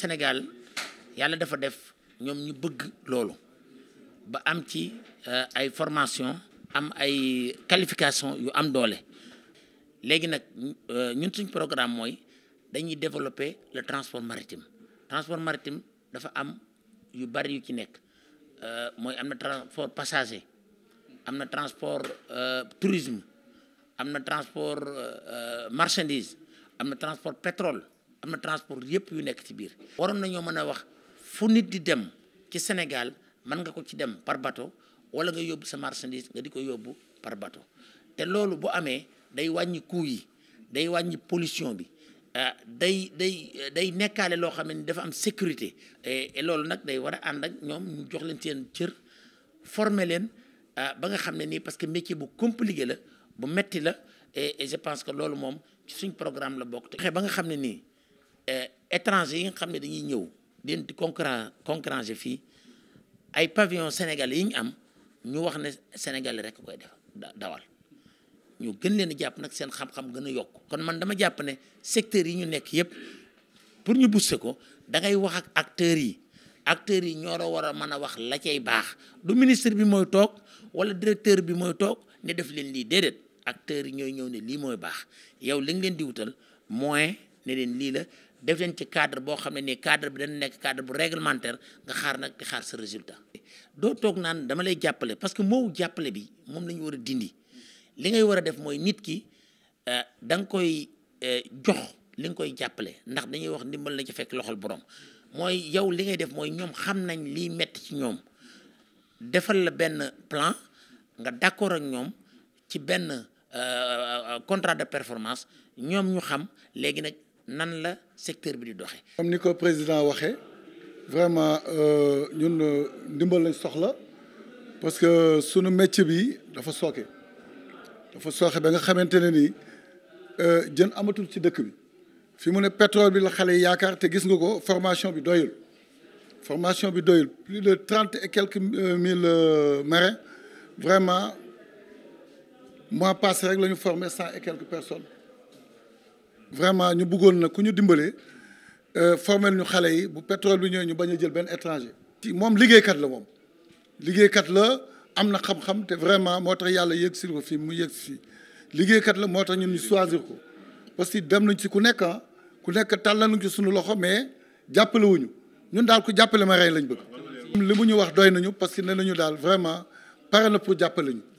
Sénégal yàlla dafa def ñoom ñu bëgg loolu ba am ci euh, ay formation am ay qualification yu am doole léegi nag euh, ñun suñ programme mooy dañuy développer le transport maritime transport maritime dafa am yu bari yu ci nekk euh, mooy am na transport passager am na transport tourisme am na transport marchandise am na transport pétrole am na transport yëpp yu nekk ci biir. waroon nañoo mën a wax fu nit di dem ci Sénégal mën nga ko ci dem par bato wala nga yóbbu sa marchandise nga di ko yóbbu par bateau te loolu bu amee day wàññi coût yi day wàññi pollution bi. Ah, day day day nekkaale loo xam ne dafa am sécurité e loolu nag day war a ànd ak ñoom ñu jox leen seen cër former leen uh, ba nga xam ne nii parce que métier bu compliqué la bu metti la et, et je pense que loolu moom ci suñ programme la bokk te ba nga xam ne nii Euh, étranger yi nga xam ne dañuy ñëw den di concurren concurrencé fii ay pavillon sénégalais yi ñu am ñu wax ne sénégalais rek koy def dawal ñu gën leen a jàpp nag seen xam-xam gën a yokk kon man dama jàpp ne secteurs yi ñu nekk yëpp pour ñu booster ko da ngay wax ak acteurs yi acteurs yi ñoo war a mën a wax la cay baax du ministre bi mooy toog wala directeur bi mooy toog ne def leen lii déedéet acteurs yi ñooy ñëw ne lii mooy baax yow leen di wutal mooy ne leen lii la def leen ci cadre boo xam ne nii cadre bi dana nekk cadre bu réglementaire nga xaar nag di xaar sa résultat. doo toog naan dama lay jàppale parce que moo jàppale bi moom la ñu war a dindi li ngay war a def mooy nit ki euh, da nga koy euh, jox li nga koy jàppale ndax dañuy wax ndimbal na ci fekk loxol borom mooy yow li ngay def mooy ñoom xam nañ lii metti ci ñoom defal la benn plan nga d'accord ak ñoom ci benn euh, contrat de performance ñoom ñu xam léegi nag. nan la secteur bi di doxe comme ni ko président waxee vraiment euh, ñun euh, ndimbal lañ soxla parce que sunu métier bi dafa sooke dafa sooke ba nga xamante ne nii euh, jën amatul ci dëkk bi fi mu ne pétrole bi la xale yi yaakaar te gis nga ko formation bi doyul formation bi doyul plus de trente et quelques mille marins vraiment mois passé rek la ñu formé cent et quelques personnes. vraiment ñu buggoon na ku ñu dimbalee euh, formel ñu xale yi bu pétrole bi ñëwee ñu bañ a jël benn étranger. ci moom liggéeykat la moom liggéeykat la am na xam-xam vraiment moo tax yàlla yëg si ko fii mu yëg si fii liggéeykat la moo tax ñun ñu choisir ko parce dem nañ ci ku nekk ah ku nekk tàll nañ ci suñu loxo mais jàppalewuñu ñun daal ku jàppale ma rey lañ bëgg. li mu ñu wax doy nañu parce que nee nañu daal vraiment pare na pour jàppale ñu.